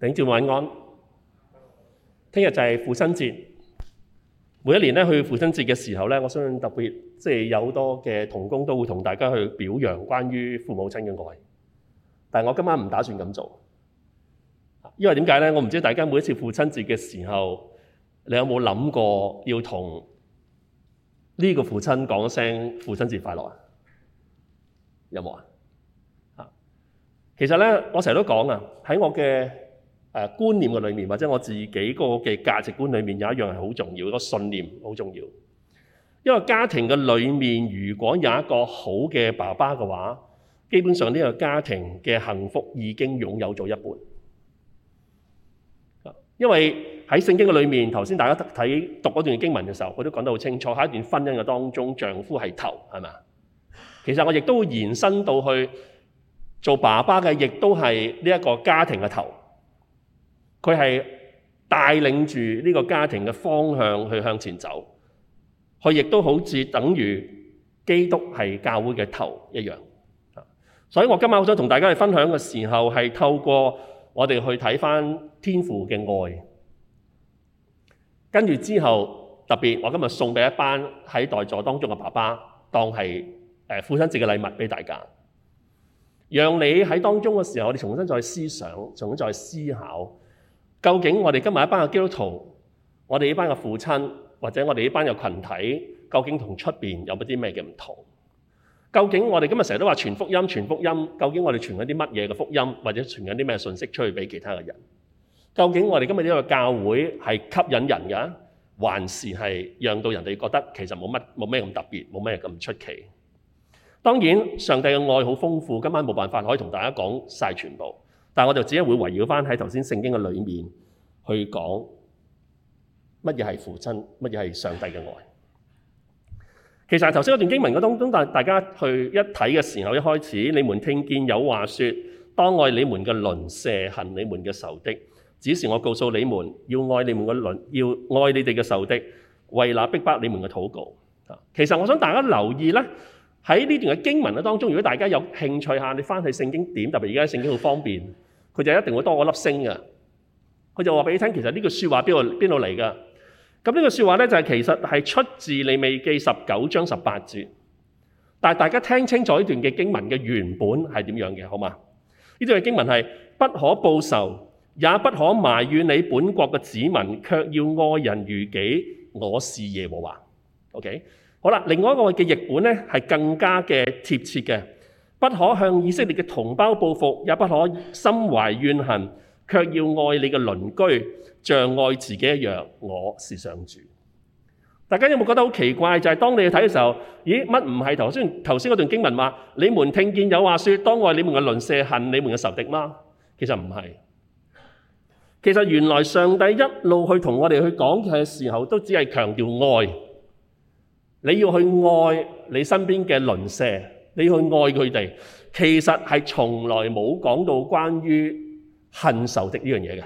頂住晚安，聽日就係父親節。每一年去父親節嘅時候，我相信特別即係、就是、有好多嘅同工都會同大家去表揚關於父母親嘅愛。但係我今晚唔打算咁做，因為點解呢？我唔知大家每一次父親節嘅時候，你有冇諗過要同呢個父親講聲父親節快樂啊？有冇啊？啊，其實呢，我成日都講啊，喺我嘅，誒觀念嘅裏面，或者我自己個嘅價值觀裏面，有一樣係好重要，個信念好重要。因為家庭嘅裏面，如果有一個好嘅爸爸嘅話，基本上呢個家庭嘅幸福已經擁有咗一半。因為喺聖經嘅裏面，頭先大家睇讀嗰段經文嘅時候，佢都講得好清楚。喺一段婚姻嘅當中，丈夫係頭，係咪？其實我亦都延伸到去做爸爸嘅，亦都係呢一個家庭嘅頭。佢係帶領住呢個家庭嘅方向去向前走，佢亦都好似等於基督係教會嘅頭一樣。所以我今晚好想同大家去分享嘅時候，係透過我哋去睇返天父嘅愛，跟住之後特別我今日送俾一班喺在座當中嘅爸爸，當係父親節嘅禮物俾大家，讓你喺當中嘅時候，你哋重新再思想，重新再思考。究竟我哋今日一班嘅基督徒，我哋呢班嘅父親，或者我哋呢班嘅群體究竟同出邊有冇啲咩嘅唔同？究竟我哋今日成日都話傳福音，傳福音，究竟我哋傳緊啲乜嘢嘅福音，或者傳緊啲咩信息出去俾其他嘅人？究竟我哋今日呢個教會係吸引人嘅，還是係讓到人哋覺得其實冇乜冇咩咁特別冇咩咁出奇？當然，上帝嘅愛好豐富，今晚冇辦法可以同大家講晒全，全部。但我就只係會圍繞翻喺頭先聖經嘅裏面去講乜嘢係父親，乜嘢係上帝嘅愛。其實頭先嗰段經文當中，大家去一睇嘅時候，一開始你們聽見有話說：當愛你們嘅鄰舍，恨你們嘅仇敵。只是我告訴你們，要愛你們的鄰，要愛你哋嘅仇敵，為那逼迫，迫你們嘅禱告。其實我想大家留意咧，喺呢段嘅經文嘅當中，如果大家有興趣嚇，你翻去聖經點，特別而家聖經好方便。佢就一定會多個粒星嘅，佢就話俾你聽，其實這句這句呢句説話邊度邊度嚟嘅？咁呢句説話咧，就係其實係出自《利未記》十九章十八節。但係大家聽清楚呢段嘅經文嘅原本係點樣嘅？好嘛？呢段嘅經文係不可報仇，也不可埋怨你本國嘅子民，卻要愛人如己。我是耶和華。OK，好啦，另外一個嘅譯本咧，係更加嘅貼切嘅。不可向以色列嘅同胞報復，也不可心懷怨恨，卻要愛你嘅鄰居，像愛自己一樣。我是上主。大家有冇覺得好奇怪？就係當你去睇嘅時候，咦？乜唔係頭先頭先嗰段經文話：你們聽見有話說當愛你們嘅鄰舍恨你們嘅仇敵嗎？其實唔係。其實原來上帝一路去同我哋去講嘅時候，都只係強調愛。你要去愛你身邊嘅鄰舍。你去愛佢哋，其實係從來冇講到關於恨仇敵呢樣嘢嘅。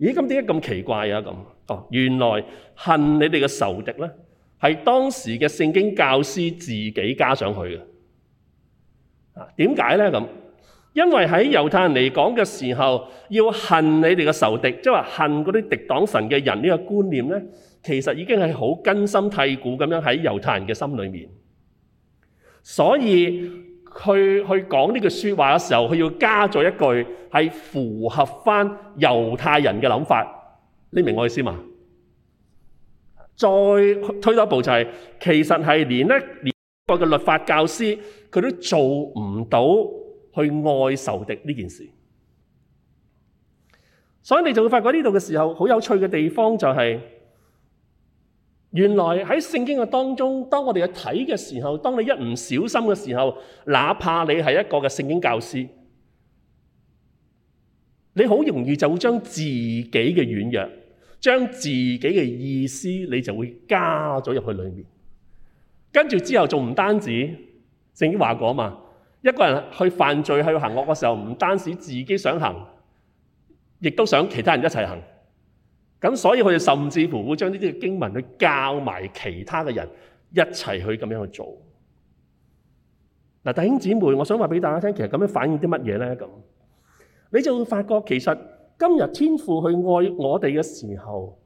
咦？咁點解咁奇怪啊？哦，原來恨你哋嘅仇敵呢，係當時嘅聖經教師自己加上去嘅。啊，點解呢？因為喺猶太人嚟講嘅時候，要恨你哋嘅仇敵，即係話恨嗰啲敵擋神嘅人呢個觀念呢，其實已經係好根深蒂固咁樣喺猶太人嘅心裏面。所以佢去講呢句説話嘅時候，佢要加咗一句係符合返猶太人嘅諗法。你明白我意思嘛？再推多一步就係、是，其實係連一個嘅律法教師，佢都做唔到去愛仇敵呢件事。所以你就會發覺呢度嘅時候，好有趣嘅地方就係、是。原來喺聖經嘅當中，當我哋去睇嘅時候，當你一唔小心嘅時候，哪怕你係一個嘅聖經教師，你好容易就會將自己嘅軟弱、將自己嘅意思，你就會加咗入去裏面。跟住之後仲唔單止，聖經話過嘛，一個人去犯罪、去行惡嘅時候，唔單止自己想行，亦都想其他人一齊行。咁所以佢哋甚至乎會將呢啲經文去教埋其他嘅人一齊去咁樣去做。嗱，弟兄姐妹，我想話俾大家聽，其實咁樣反映啲乜嘢呢？咁你就會發覺，其實今日天，天父去愛我哋嘅時候，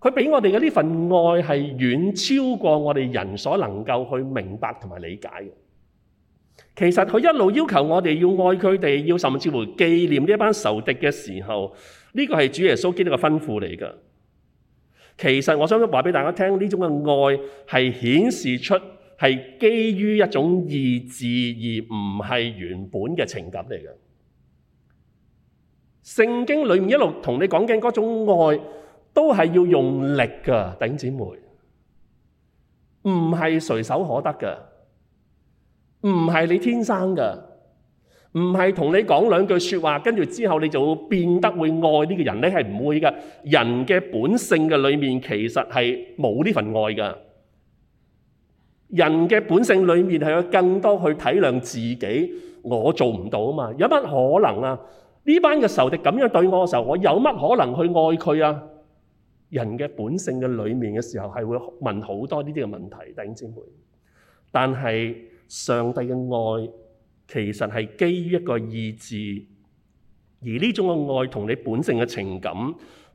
佢俾我哋嘅呢份愛係遠超過我哋人所能夠去明白同埋理解嘅。其實佢一路要求我哋要愛佢哋，要甚至乎紀念呢班仇敵嘅時候，呢、呢個係主耶穌基督嘅吩咐嚟㗎。其實我想話俾大家聽，呢種嘅愛係顯示出係基於一種意志，而唔係原本嘅情感嚟㗎。聖經裏面一路同你講嘅嗰種愛，都係要用力㗎，頂姊妹，唔係隨手可得嘅唔係你天生噶唔係同你講兩句說話，跟住之後你就會變得會愛呢個人咧，係唔會噶。人嘅本性嘅裏面，其實係冇呢份愛噶。人嘅本性裏面係有，有更多去體諒自己，我做唔到啊嘛，有乜可能啊？呢班嘅仇敵咁樣對我嘅時候，我有乜可能去愛佢啊？人嘅本性嘅裏面嘅時候，係會問好多呢啲嘅問題，弟兄姊妹。但係上帝嘅愛其實係基於一個意志，而呢種嘅愛同你本性嘅情感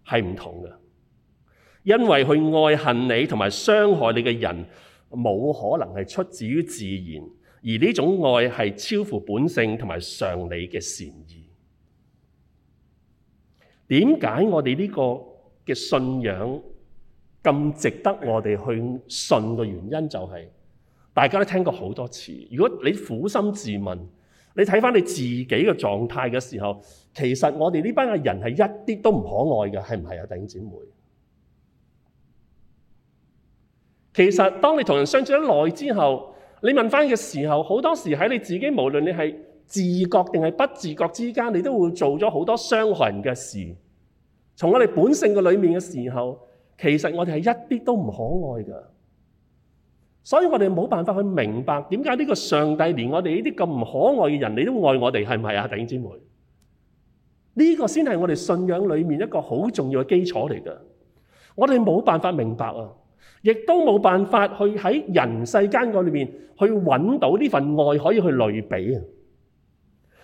係唔同嘅，因為去愛恨你同埋傷害你嘅人冇可能係出自於自然，而呢種愛係超乎本性同埋常理嘅善意。點解我哋呢個嘅信仰咁值得我哋去信嘅原因就係、是？大家都聽過好多次。如果你苦心自問，你睇翻你自己嘅狀態嘅時候，其實我哋呢班人係一啲都唔可愛嘅，係唔係啊？弟兄姐妹，其實當你同人相處得耐之後，你問翻嘅時候，好多時喺你自己無論你係自覺定係不自覺之間，你都會做咗好多傷害人嘅事。從我哋本性嘅裡面嘅時候，其實我哋係一啲都唔可愛嘅。所以我哋冇辦法去明白點解呢個上帝連我哋呢啲咁唔可愛嘅人，你都愛我哋係咪呀？是是啊？弟兄姊妹，呢個先係我哋信仰裏面一個好重要嘅基礎嚟㗎。我哋冇辦法明白啊，亦都冇辦法去喺人世間嗰裏面去揾到呢份愛可以去類比啊。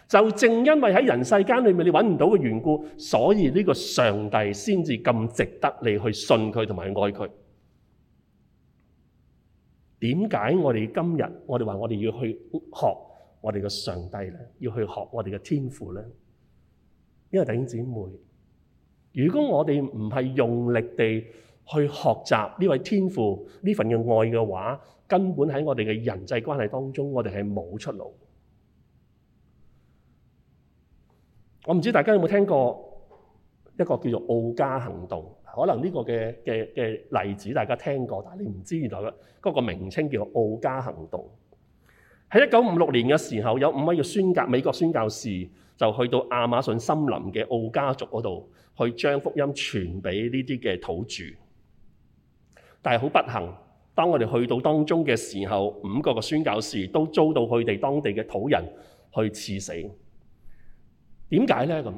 就正因為喺人世間裏面你揾唔到嘅緣故，所以呢個上帝先至咁值得你去信佢同埋愛佢。點解我哋今日我哋話我哋要去學我哋嘅上帝咧？要去學我哋嘅天父咧？因為弟兄姊妹，如果我哋唔係用力地去學習呢位天父呢份嘅愛嘅話，根本喺我哋嘅人際關係當中，我哋係冇出路。我唔知大家有冇聽過一個叫做奧加行動？可能呢個嘅嘅嘅例子大家聽過，但係你唔知原來嗰個名稱叫奧加行動。喺一九五六年嘅時候，有五位嘅宣教美國宣教士就去到亞馬遜森林嘅奧加族嗰度，去將福音傳俾呢啲嘅土著。但係好不幸，當我哋去到當中嘅時候，五個嘅宣教士都遭到佢哋當地嘅土人去刺死。點解咧咁？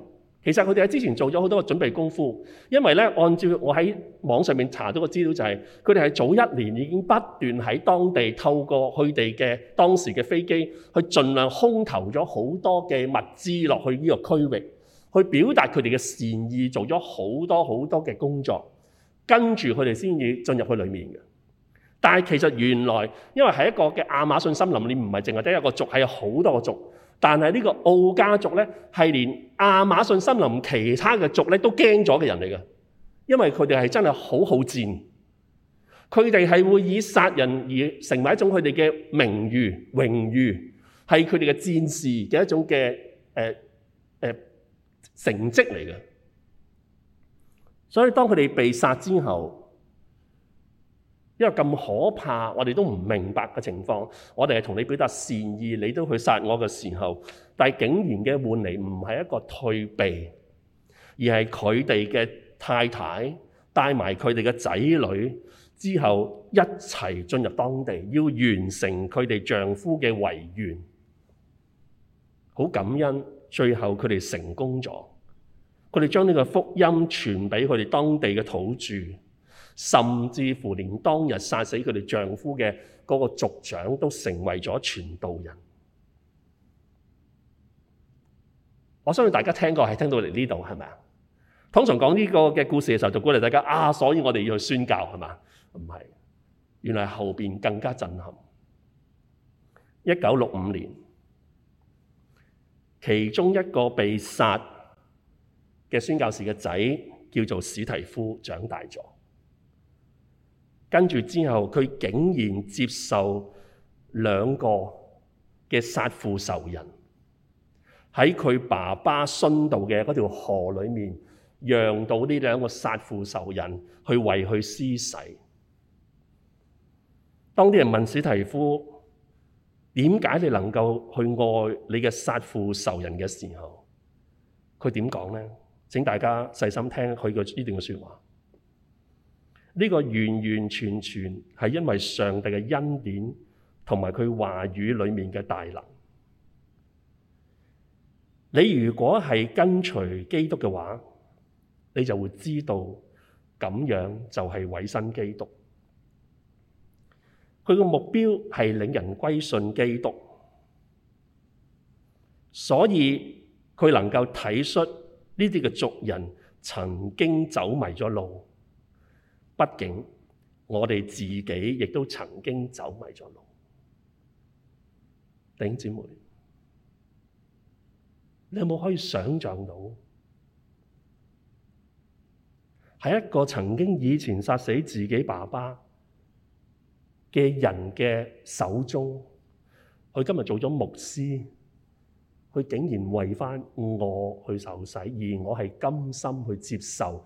其實佢哋喺之前做咗好多嘅準備功夫，因為咧，按照我喺網上面查到嘅資料，就係佢哋係早一年已經不斷喺當地透過佢哋嘅當時嘅飛機，去盡量空投咗好多嘅物資落去呢個區域，去表達佢哋嘅善意，做咗好多好多嘅工作，跟住佢哋先至進入去裡面嘅。但係其實原來因為係一個嘅亞馬遜森林，你唔係淨係得一個族，係有好多個族。但是呢個奧家族呢，係連亞馬遜森林其他嘅族呢都驚咗嘅人嚟嘅，因為佢哋係真係好好戰，佢哋係會以殺人而成為一種佢哋嘅名譽榮譽，係佢哋嘅戰士嘅一種嘅、呃呃、成績嚟的，所以當佢哋被殺之後。因為咁可怕，我哋都唔明白嘅情況，我哋係同你表達善意，你都去殺我嘅時候。但係竟然換嚟唔係一個退避，而係佢哋嘅太太帶埋佢哋嘅仔女之後一齊進入當地，要完成佢哋丈夫嘅遺願。好感恩，最後佢哋成功咗，佢哋將呢個福音傳俾佢哋當地嘅土著。甚至乎連當日殺死佢哋丈夫嘅嗰個族長都成為咗傳道人。我相信大家聽過係聽到嚟呢度，係咪啊？通常講呢個嘅故事嘅時候，就鼓勵大家啊，所以我哋要去宣教，係嘛？唔係，原來後邊更加震撼。一九六五年，其中一個被殺嘅宣教士嘅仔叫做史提夫，長大咗。跟住之後，佢竟然接受兩個嘅殺父仇人喺佢爸爸殉道嘅嗰條河裏面，讓到呢兩個殺父仇人去為佢施洗。當啲人問史提夫點解你能夠去愛你嘅殺父仇人嘅時候，佢點講呢？請大家細心聽佢個呢段説話。呢個完完全全係因為上帝嘅恩典同埋佢話語裡面嘅大能。你如果係跟隨基督嘅話，你就會知道咁樣就係委身基督。佢嘅目標係令人歸信基督，所以佢能夠睇出呢啲嘅族人曾經走迷咗路。畢竟我哋自己亦都曾經走迷咗路，弟兄姊妹，你有冇可以想像到，喺一個曾經以前殺死自己爸爸嘅人嘅手中，佢今日做咗牧師，佢竟然為返我去受洗，而我係甘心去接受。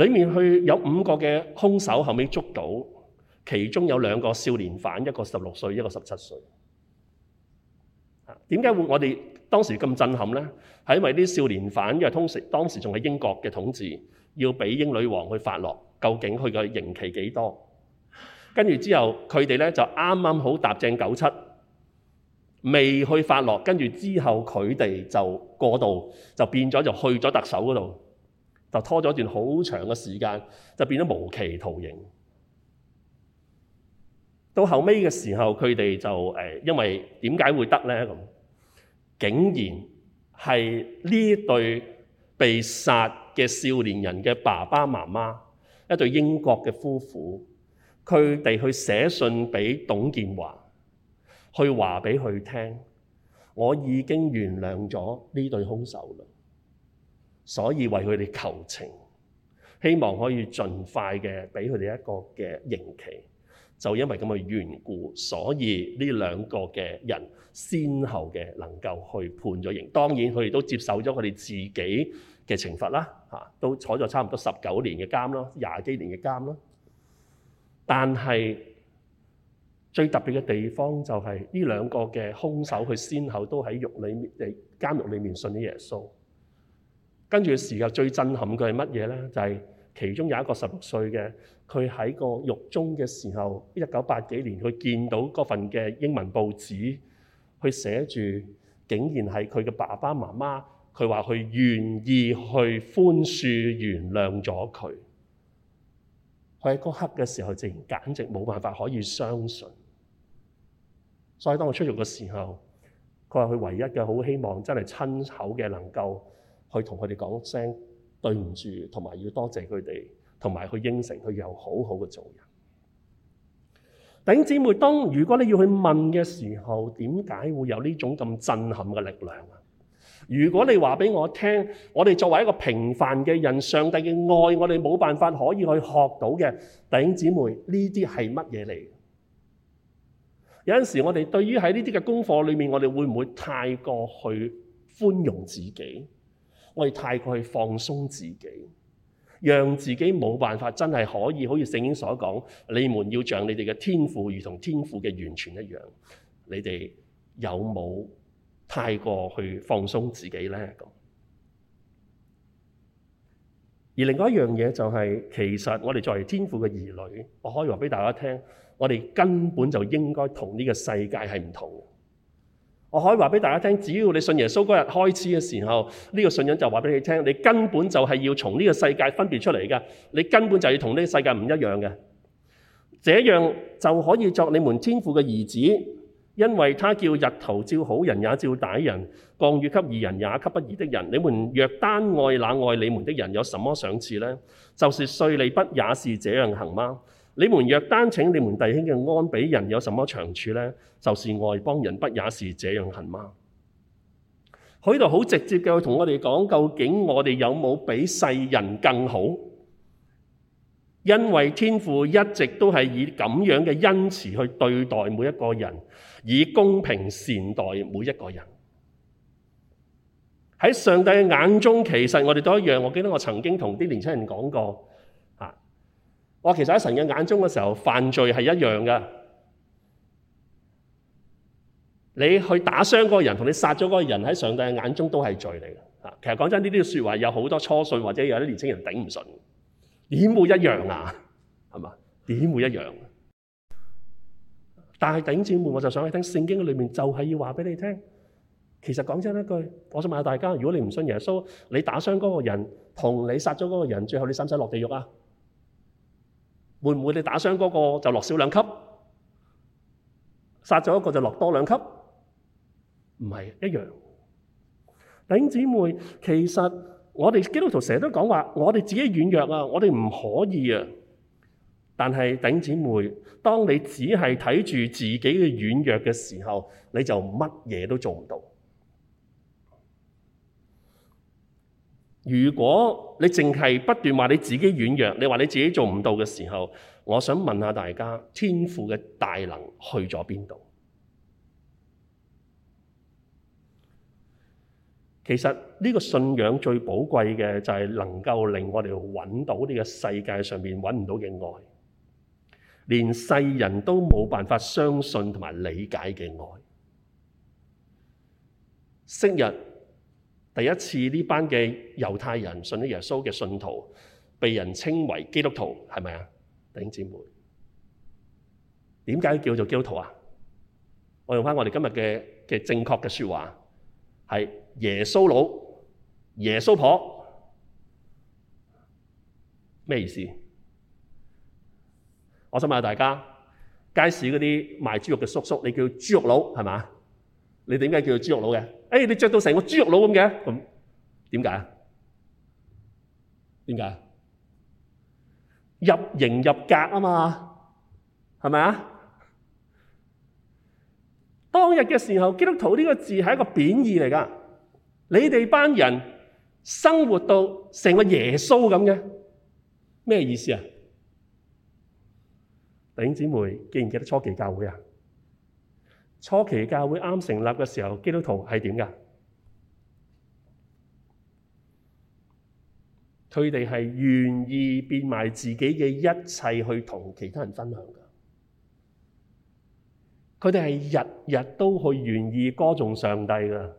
裏面去有五個嘅兇手，後尾捉到，其中有兩個少年犯，一個十六歲，一個十七歲。點解會我哋當時咁震撼呢？係因為啲少年犯因為當時仲喺英國嘅統治，要俾英女王去發落，究竟佢嘅刑期幾多？跟住之後佢哋咧就啱啱好踏正九七，未去發落，跟住之後佢哋就過渡，就變咗就去咗特首嗰度。就拖咗一段好長嘅時間，就變咗無期徒刑。到後尾嘅時候，佢哋就誒，因為點解會得咧咁？竟然係呢對被殺嘅少年人嘅爸爸媽媽，一對英國嘅夫婦，佢哋去寫信俾董建華，去話俾佢聽，我已經原諒咗呢對兇手啦。所以為佢哋求情，希望可以盡快嘅俾佢哋一個嘅刑期。就因為咁嘅緣故，所以呢兩個嘅人先後嘅能夠去判咗刑。當然佢哋都接受咗佢哋自己嘅懲罰啦，吓都坐咗差唔多十九年嘅監囉，廿幾年嘅監囉。但係最特別嘅地方就係呢兩個嘅兇手，佢先後都喺獄裏面、喺監獄裏面信咗耶穌。跟住嘅時候最震撼嘅係乜嘢咧？就係、是、其中有一個十六歲嘅，佢喺個獄中嘅時候，一九八幾年佢見到嗰份嘅英文報紙，佢寫住竟然係佢嘅爸爸媽媽，佢話佢願意去寬恕原諒了他、原諒咗佢。佢喺嗰刻嘅時候，竟然簡直冇辦法可以相信。所以當我出獄嘅時候，佢話佢唯一嘅好希望，真係親口嘅能夠。去同佢哋講聲對唔住，同埋要多謝佢哋，同埋去應承佢又好好嘅做人。弟兄姊妹，當如果你要去問嘅時候，點解會有呢種咁震撼嘅力量啊？如果你話俾我聽，我哋作為一個平凡嘅人，上帝嘅愛，我哋冇辦法可以去學到嘅。弟兄姊妹，呢啲係乜嘢嚟？有陣時，我哋對於喺呢啲嘅功課裏面，我哋會唔會太過去寬容自己？我哋太過去放鬆自己，讓自己冇辦法真係可以，好似聖經所講，你們要像你哋嘅天父，如同天父嘅完全一樣。你哋有冇太過去放鬆自己呢？咁而另外一樣嘢就係、是，其實我哋作為天父嘅兒女，我可以話俾大家聽，我哋根本就應該同呢個世界係唔同嘅。我可以話俾大家聽，只要你信耶穌嗰日開始嘅時候，呢、這個信仰就話俾你聽，你根本就係要從呢個世界分別出嚟嘅，你根本就要同呢個世界唔一樣嘅，這樣就可以作你們天父嘅兒子，因為他叫日頭照好人也照歹人，降雨給義人也給不宜的不義的人。你們若單愛那愛你們的人，有什麼賞賜呢？就是稅吏不也是這樣行嗎？你們若單請你們弟兄嘅安，比人有什麼長處呢？就是外邦人，不也是這樣行嗎？佢呢度好直接嘅，同我哋講，究竟我哋有冇有比世人更好？因為天父一直都是以這樣嘅恩慈去對待每一個人，以公平善待每一個人。喺上帝的眼中，其實我哋都一樣。我記得我曾經同啲年輕人講過。我其實喺神嘅眼中嘅時候，犯罪係一樣㗎。你去打傷嗰個人，同你殺咗嗰個人喺上帝嘅眼中都係罪嚟嘅。其實講真的，呢啲說話有好多初信或者有啲年輕人頂唔順，點會一樣啊？係嘛？點會一樣啊？但係弟兄姊妹，我就想去聽聖經裏面，就係要話俾你聽。其實講真一句，我想問下大家，如果你唔信耶穌，你打傷嗰個人，同你殺咗嗰個人，最後你使唔使落地獄啊？會唔會你打傷嗰個就落少兩級，殺咗嗰個就落多兩級？唔係一樣。頂姊妹，其實我哋基督徒成日都講話，我哋自己軟弱啊，我哋唔可以啊。但係頂姊妹，當你只係睇住自己嘅軟弱嘅時候，你就乜嘢都做唔到。如果你淨係不斷話你自己軟弱，你話你自己做唔到嘅時候，我想問下大家，天父嘅大能去咗邊度？其實呢個信仰最寶貴嘅就係能夠令我哋揾到呢個世界上面揾唔到嘅愛，連世人都冇辦法相信同埋理解嘅愛。昔日。第一次呢班嘅猶太人信咗耶穌嘅信徒，被人稱為基督徒，係咪啊，弟兄姊妹？點解叫做基督徒啊？我用翻我哋今日嘅正確嘅說話，係耶穌佬、耶穌婆，咩意思？我想問下大家，街市嗰啲賣豬肉嘅叔叔，你叫豬肉佬係咪？你點解叫做豬肉佬嘅？誒，你着到成個豬肉佬咁嘅，咁點解？點解？入形入格啊嘛，係咪啊？當日嘅時候，基督徒呢個字係一個貶義嚟㗎。你哋班人生活到成個耶穌咁嘅，咩意思啊？弟兄姊妹記唔記得初期教會啊？初期教會啱成立嘅時候，基督徒係點㗎？佢哋係願意變賣自己嘅一切去同其他人分享㗎。佢哋係日日都去願意歌頌上帝㗎。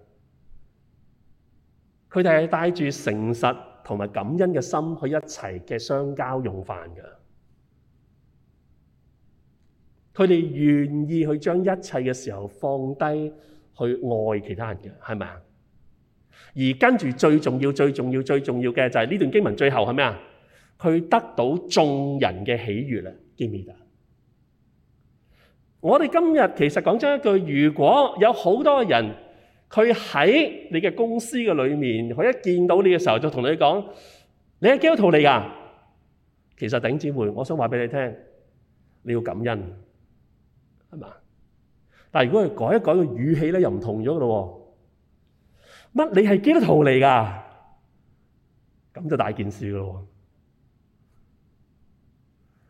佢哋係帶住誠實同埋感恩嘅心去一齊嘅相交用飯㗎。佢哋願意去將一切嘅時候放低去愛其他人嘅，係咪啊？而跟住最重要、最重要、最重要嘅就係呢段經文最後係咩啊？佢得到眾人嘅喜悅咧，基米達。我哋今日其實講真一句，如果有好多人佢喺你嘅公司嘅裏面，佢一見到你嘅時候，就同你講：你係基督徒嚟㗎。其實頂姊妹，我想話俾你聽，你要感恩。係嘛？但係如果佢改一改個語氣咧，又唔同咗噶咯。乜你係基督徒嚟噶？咁就大件事噶咯。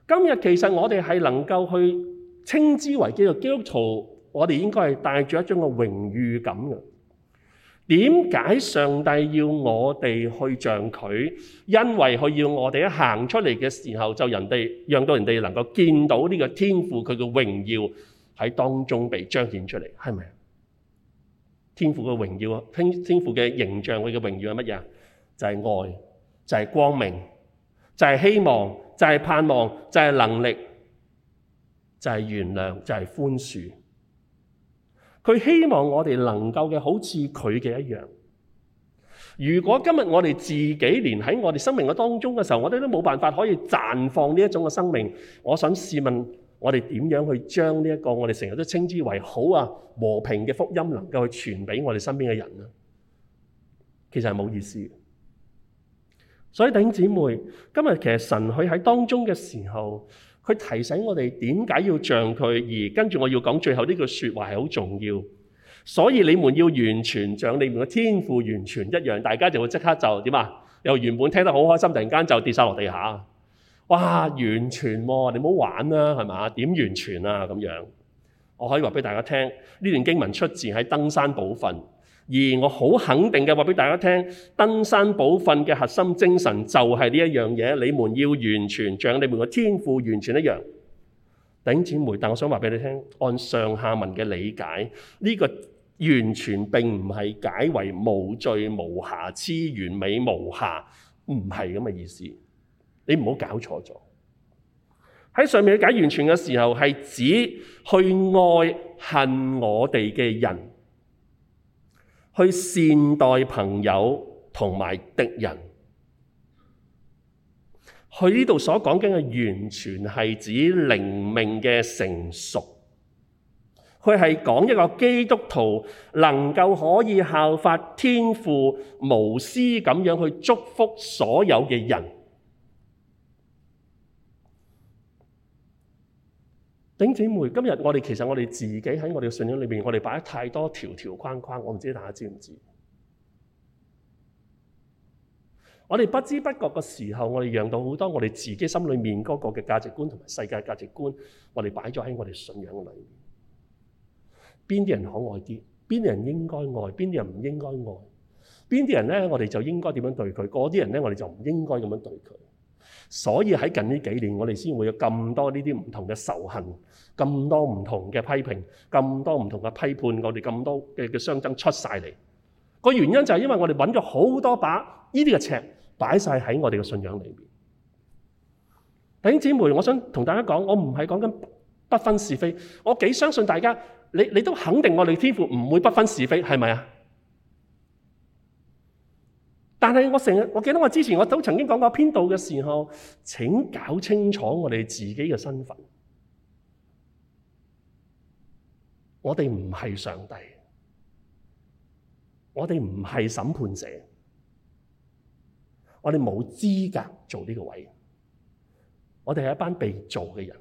今日其實我哋係能夠去稱之為基督基督徒，我哋應該係帶住一種個榮譽感嘅。點解上帝要我哋去像佢？因為佢要我哋一行出嚟嘅時候，就人哋讓到人哋能夠見到呢個天父佢嘅榮耀。喺當中被彰顯出嚟，係咪天父嘅榮耀啊？天天父嘅形象，佢嘅榮耀係乜嘢啊？就係愛，就係光明，就係希望，就係盼望，就係能力，就係原諒，就係寬恕。佢希望我哋能夠嘅好似佢嘅一樣。如果今日我哋自己連喺我哋生命嘅當中嘅時候，我哋都冇辦法可以綻放呢一種嘅生命。我想試問。我哋點樣去將呢一個我哋成日都稱之為好啊、和平嘅福音，能夠去傳俾我哋身邊嘅人呢，其實係冇意思。所以弟兄姊妹，今日其實神佢喺當中嘅時候，佢提醒我哋點解要像佢，而跟住我要講最後呢句說話係好重要。所以你們要完全像你們嘅天父完全一樣，大家就會即刻就點啊？由原本聽得好開心，突然間就跌晒落地下。哇！完全喎，啊，你唔好玩啦，啊，係嘛？點完全啊？咁樣，我可以話俾大家聽，呢段經文出自喺登山寶訓，而我好肯定嘅話俾大家聽，登山寶訓嘅核心精神就係呢一樣嘢：你們要完全，像你們嘅天父完全一樣。頂姊回，但我想話俾你聽，按上下文嘅理解，呢、這個完全並唔係解為無罪無瑕疵，完美無瑕，唔係咁嘅意思。你唔好搞錯咗，喺上面解完全嘅時候，係指去愛恨我哋嘅人，去善待朋友同埋敵人。佢呢度所講緊嘅完全係指靈命嘅成熟。佢係講一個基督徒能夠可以效法天父無私咁樣去祝福所有嘅人。兄姊妹，今日我哋其實我哋自己喺我哋嘅信仰裏邊，我哋擺咗太多條條框框，我唔知大家知唔知？我哋不知不覺嘅時候，我哋讓到好多我哋自己心裏面嗰個嘅價值觀同埋世界價值觀，我哋擺咗喺我哋信仰嘅裏面。邊啲人可愛啲？邊啲人應該愛？邊啲人唔應該愛？邊啲人咧，我哋就應該點樣對佢？嗰啲人咧，我哋就唔應該咁樣對佢。所以喺近呢幾年，我哋先會有咁多呢啲唔同嘅仇恨。咁多唔同嘅批評，咁多唔同嘅批判，我哋咁多嘅嘅相爭出晒嚟。個原因就係因為我哋揾咗好多把呢啲嘅尺擺晒喺我哋嘅信仰裏面。弟兄姊妹，我想同大家講，我唔係講緊不分是非，我幾相信大家，你你都肯定我哋天父唔會不分是非，係咪啊？但係我成日，我記得我之前我都曾經講過編導嘅時候，請搞清楚我哋自己嘅身份。我哋唔係上帝，我哋唔係審判者，我哋冇資格做呢個位，我哋係一班被造嘅人，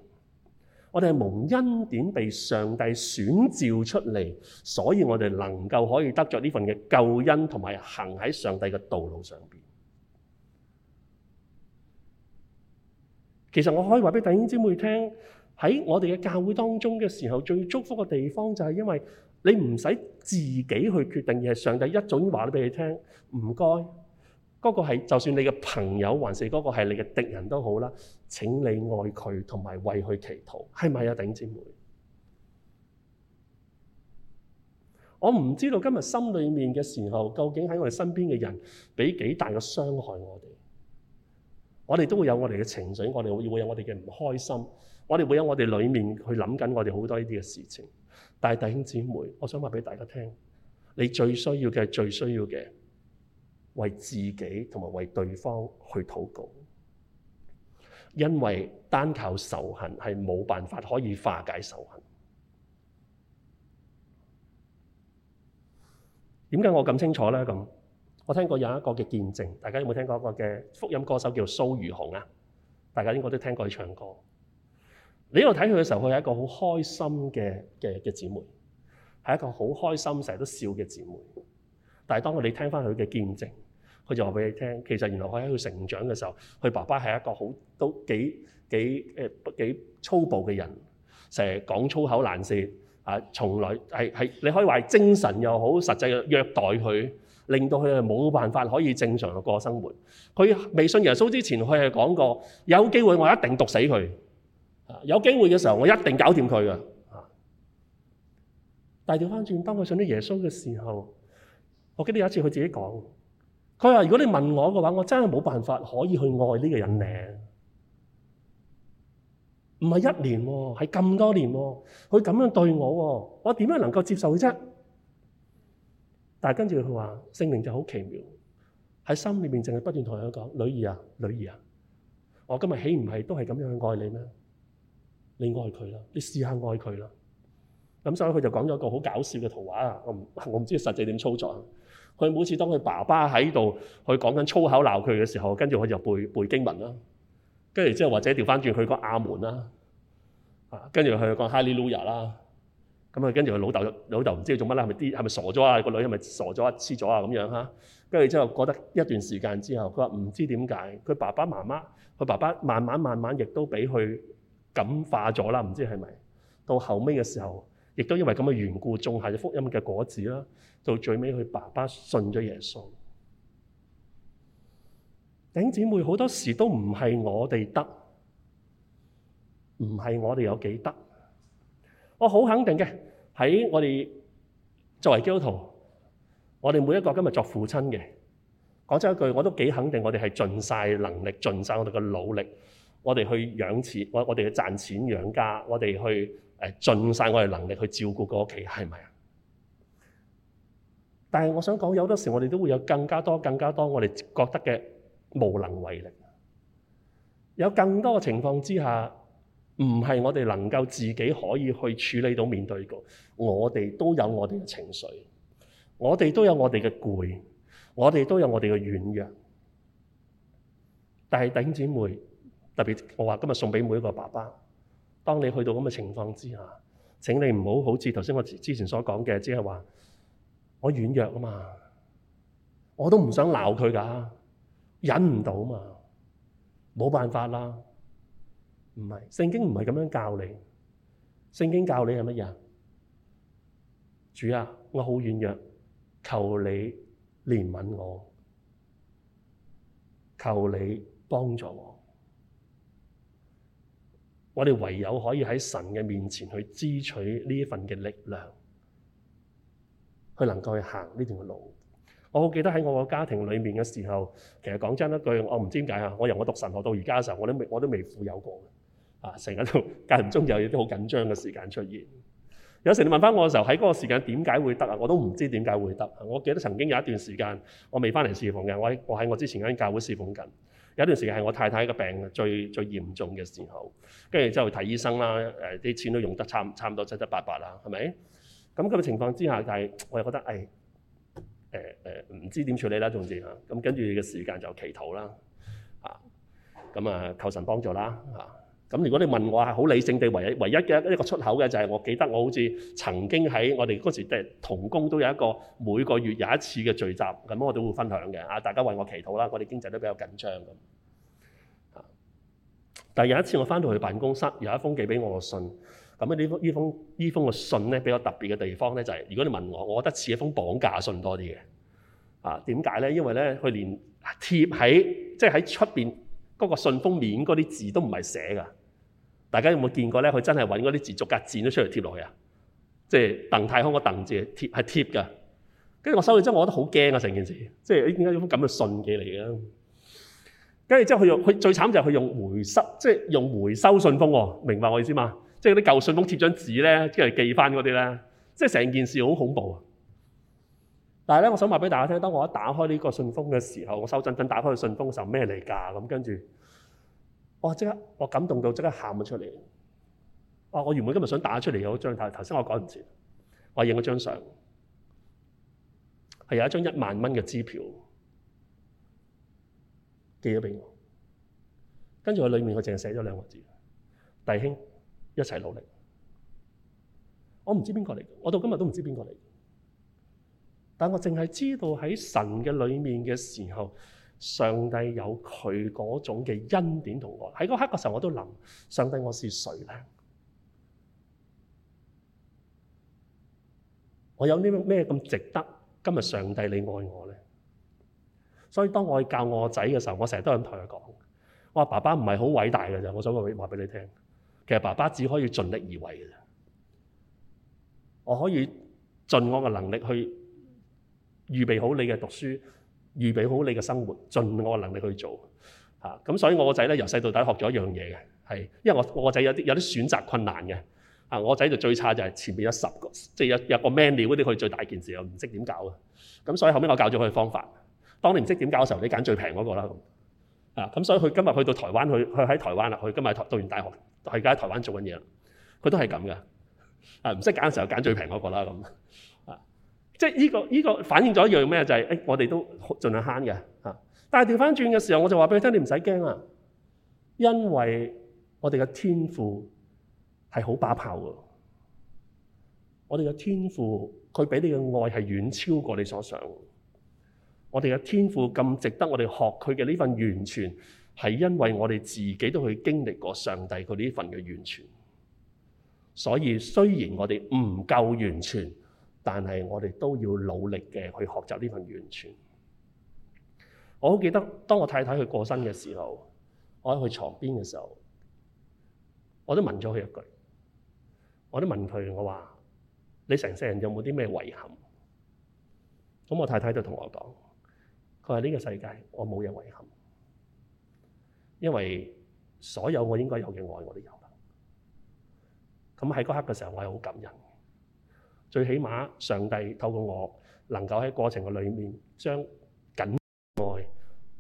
我哋係蒙恩典被上帝選召出嚟，所以我哋能夠可以得着呢份嘅救恩，同埋行喺上帝嘅道路上面。其實我可以話俾弟兄姐妹聽。喺我哋嘅教會當中嘅時候，最祝福嘅地方就係因為你唔使自己去決定，而係上帝一早已經話俾你聽，唔該。嗰個係就算你嘅朋友，還是嗰個係你嘅敵人都好啦，請你愛佢同埋為佢祈禱，係咪啊？頂姐妹？我唔知道今日心裏面嘅時候，究竟喺我哋身邊嘅人俾幾大嘅傷害我哋，我哋都會有我哋嘅情緒，我哋會會有我哋嘅唔開心。我哋會喺我哋裏面去諗緊，我哋好多呢啲嘅事情。但係弟兄姊妹，我想話俾大家聽，你最需要嘅係最需要嘅，為自己同埋為對方去禱告，因為單靠仇恨係冇辦法可以化解仇恨。點解我咁清楚咧？咁我聽過有一個嘅見證，大家有冇聽過一個嘅福音歌手叫蘇如紅啊？大家應該都聽過佢唱歌。你喺度睇佢嘅時候，佢係一個好開心嘅嘅嘅姊妹，係一個好開心成日都笑嘅姊妹。但係當我哋聽翻佢嘅見證，佢就話俾你聽，其實原來佢喺度成長嘅時候，佢爸爸係一個好都幾幾誒幾粗暴嘅人，成日講粗口爛舌啊，從來係係你可以話精神又好，實際虐待佢，令到佢冇辦法可以正常度過生活。佢未信耶穌之前，佢係講過，有機會我一定毒死佢。有機會嘅時候，我一定搞掂佢噶。但係調翻轉，當佢信咗耶穌嘅時候，我記得有一次佢自己講，佢話如果你問我嘅話，我真係冇辦法可以去愛呢個人，唔係一年喎，係咁多年，佢噉樣對我，我點樣能夠接受啫？但係跟住佢話聖靈就好奇妙，喺心裏面淨係不斷同佢講，女兒啊，女兒啊，我今日豈唔係都係噉樣去愛你咩？你愛佢啦，你試下愛佢啦。咁所以佢就講咗個好搞笑嘅圖畫啊！我唔，我唔知實際點操作。佢每次當佢爸爸喺度，佢講緊粗口鬧佢嘅時候，跟住佢就背背經文啦。跟住之後或者調翻轉去個阿門啦，啊，跟住佢講哈利路亞啦。咁啊，跟住佢老豆老豆唔知做乜啦，係咪啲係咪傻咗啊？個女係咪傻咗啊？痴咗啊？咁樣嚇。跟住之後覺得一段時間之後，佢話唔知點解佢爸爸媽媽，佢爸爸慢慢慢慢亦都俾佢。感化咗啦，唔知係咪？到後尾嘅時候，亦都因為咁嘅緣故，種下咗福音嘅果子啦。到最尾，佢爸爸信咗耶穌。弟兄姊妹，好多時都唔係我哋得，唔係我哋有幾得。我好肯定嘅，喺我哋作為基督徒，我哋每一個今日作父親嘅，講真一句，我都幾肯定，我哋係盡晒能力，盡晒我哋嘅努力。我哋去養錢，我哋去賺錢養家，我哋去盡晒我哋能力去照顧個屋企，係咪？但係我想講，有好多時我哋都會有更加多、更加多，我哋覺得嘅無能為力。有更多嘅情況之下，唔係我哋能夠自己可以去處理到面對個，我哋都有我哋嘅情緒，我哋都有我哋嘅攰，我哋都有我哋嘅軟弱。但係弟兄姊妹。特別我話今日送給每一個爸爸，當你去到這樣嘅情況之下，請你唔好好似頭先我之前所講嘅，只係話我軟弱啊嘛，我都唔想鬧佢㗎，忍唔到嘛，冇辦法啦。唔係，聖經唔係這樣教你，聖經教你係乜嘢？主啊，我好軟弱，求你憐憫我，求你幫助我。我哋唯有可以喺神嘅面前去支取呢一份嘅力量，去能夠去行呢段嘅路。我好記得喺我個家庭裏面嘅時候，其實講真一句，我唔知點解啊！我由我讀神學到而家嘅時候，我都未我都未富有過啊！成日都間唔中有啲好緊張嘅時間出現，有時你問翻我嘅時候，喺嗰個時間點解會得啊？我都唔知點解會得。我記得曾經有一段時間，我未翻嚟侍奉嘅，我喺我喺我之前一間教會侍奉緊。有段時間係我太太個病最最嚴重嘅時候，跟住之後去睇醫生啦，誒啲錢都用得差唔差唔多七七八八啦，係咪？咁嘅情況之下，就係我又覺得誒誒誒唔知點處理啦，總之嚇，咁跟住嘅時間就祈禱啦，嚇、啊，咁啊求神幫助啦，嚇、啊。咁如果你問我係好理性地唯，唯一唯一嘅一個出口嘅就係我記得我好似曾經喺我哋嗰時即係同工都有一個每個月有一次嘅聚集，咁我都會分享嘅。啊，大家為我祈禱啦，我哋經濟都比較緊張咁。但係有一次我返到去辦公室，有一封寄俾我嘅信。咁呢呢封呢封呢封嘅信咧比較特別嘅地方咧就係，如果你問我，我覺得似一封綁架信多啲嘅。啊，點解咧？因為咧佢連貼喺即係喺出邊嗰個信封面嗰啲字都唔係寫㗎。大家有冇見過咧？佢真係揾嗰啲字逐格剪咗出嚟貼落去啊！即係鄧泰康個鄧字貼係貼噶。跟住我收到之後，我覺得好驚啊！成件事，即係點解張咁嘅信件嚟嘅？跟住之後佢用佢最慘就係佢用回收，即係用回收信封喎。明白我意思嘛？即係啲舊信封貼張紙咧，即係寄翻嗰啲咧，即係成件事好恐怖啊！但係咧，我想話俾大家聽，當我一打開呢個信封嘅時候，我收真等打開個信封嘅時候咩嚟㗎？咁跟住。我即刻，我感動到即刻喊咗出嚟。啊！我原本今日想打出嚟嘅嗰張頭先我講唔切。我影咗張相，係有一張一萬蚊嘅支票寄咗俾我。跟住佢裏面佢淨係寫咗兩個字：弟兄一齊努力。我唔知邊個嚟，我到今日都唔知邊個嚟。但我淨係知道喺神嘅裏面嘅時候。上帝有佢嗰種嘅恩典同愛，我喺嗰刻嘅時候我都諗：上帝我是誰咧？我有啲咩咁值得今日上帝你愛我咧？所以當我去教我仔嘅時候，我成日都咁同佢講：我話爸爸唔係好偉大嘅啫，我想話俾你聽，其實爸爸只可以盡力而為嘅啫。我可以盡我嘅能力去預備好你嘅讀書。預備好你嘅生活，盡我能力去做嚇。咁、啊、所以我個仔咧由細到大學咗一樣嘢嘅，係因為我我個仔有啲有啲選擇困難嘅嚇、啊。我個仔就最差就係前面有十個，即係有有個 menu 嗰啲，佢最大件事又唔識點搞啊。咁所以後尾我教咗佢方法。當你唔識點搞嘅時候，你揀最平嗰個啦。啊，咁所以佢今日去到台灣去去喺台灣啦。佢今日台讀完大學，係而家喺台灣做緊嘢。佢都係咁嘅啊，唔識揀嘅時候揀最平嗰個啦咁。啊即係、這、呢個依、這個反映咗一樣咩？就係、是、誒、哎，我哋都盡量慳嘅嚇。但係調翻轉嘅時候，我就話俾你聽，你唔使驚啊，因為我哋嘅天父係好把炮㗎。我哋嘅天父佢俾你嘅愛係遠超過你所想的。我哋嘅天父咁值得我哋學佢嘅呢份完全，係因為我哋自己都去經歷過上帝佢呢份嘅完全。所以雖然我哋唔夠完全。但係我哋都要努力嘅去學習呢份完全。我好記得當我太太佢過身嘅時候，我喺佢床邊嘅時候，我都問咗佢一句，我都問佢我話：你成世人有冇啲咩遺憾？咁我太太就同我講，佢話呢個世界我冇嘢遺憾，因為所有我應該有嘅愛我都有啦。咁喺嗰刻嘅時候，我係好感恩。最起碼上帝透過我能夠喺過程裏面將緊愛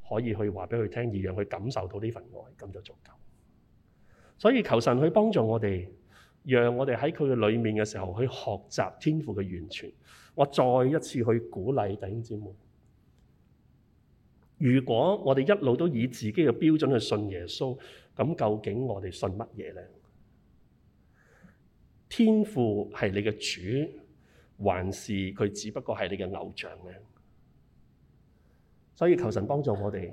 可以去話俾佢聽，而讓佢感受到呢份愛，咁就足夠。所以求神去幫助我哋，讓我哋喺佢裏面嘅時候去學習天父嘅完全。我再一次去鼓勵弟兄姐妹，如果我哋一路都以自己嘅標準去信耶穌，咁究竟我哋信乜嘢呢？天父係你嘅主。還是佢只不過係你嘅偶像咧？所以求神幫助我哋。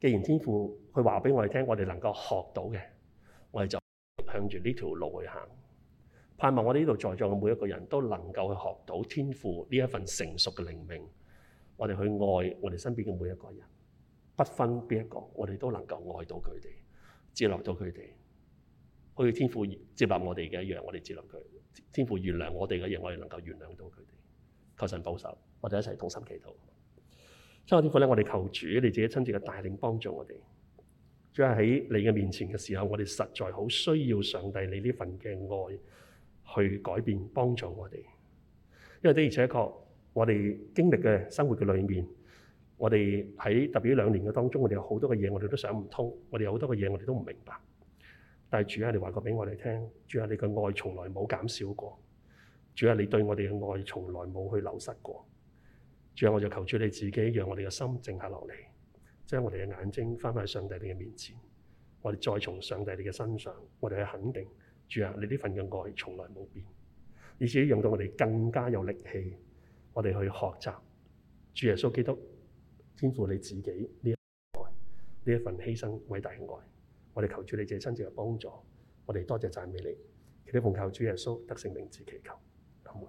既然天父佢話俾我哋聽，我哋能夠學到嘅，我哋就向住呢條路去行。盼望我哋呢度在座嘅每一個人都能夠去學到天父呢一份成熟嘅靈命。我哋去愛我哋身邊嘅每一個人，不分邊一個，我哋都能夠愛到佢哋，接納到佢哋。好似天父接納我哋嘅一樣，我哋接納佢。天父原諒我哋嘅嘢，我哋能夠原諒到佢哋。求神保守，我哋一齊同心祈禱。三個天父咧，我哋求主，你自己親自嘅帶領幫助我哋。主要喺你嘅面前嘅時候，我哋實在好需要上帝你呢份嘅愛去改變幫助我哋。因為的而且確，我哋經歷嘅生活嘅裏面，我哋喺特別兩年嘅當中，我哋有好多嘅嘢，我哋都想唔通，我哋有好多嘅嘢，我哋都唔明白。但係主啊，你話過俾我哋聽，主啊，你嘅愛從來冇減少過，主啊，你對我哋嘅愛從來冇去流失過，主啊，我就求主你自己讓我哋嘅心靜下落嚟，將我哋嘅眼睛翻返上帝你嘅面前，我哋再從上帝你嘅身上，我哋去肯定主啊，你呢份嘅愛從來冇變，以至於讓到我哋更加有力氣，我哋去學習主耶穌基督，天父你自己呢一份呢一份犧牲偉大嘅愛。我哋求主你借身借幫助，我哋多謝讚美你，求你奉靠主耶穌得勝名字祈求。好唔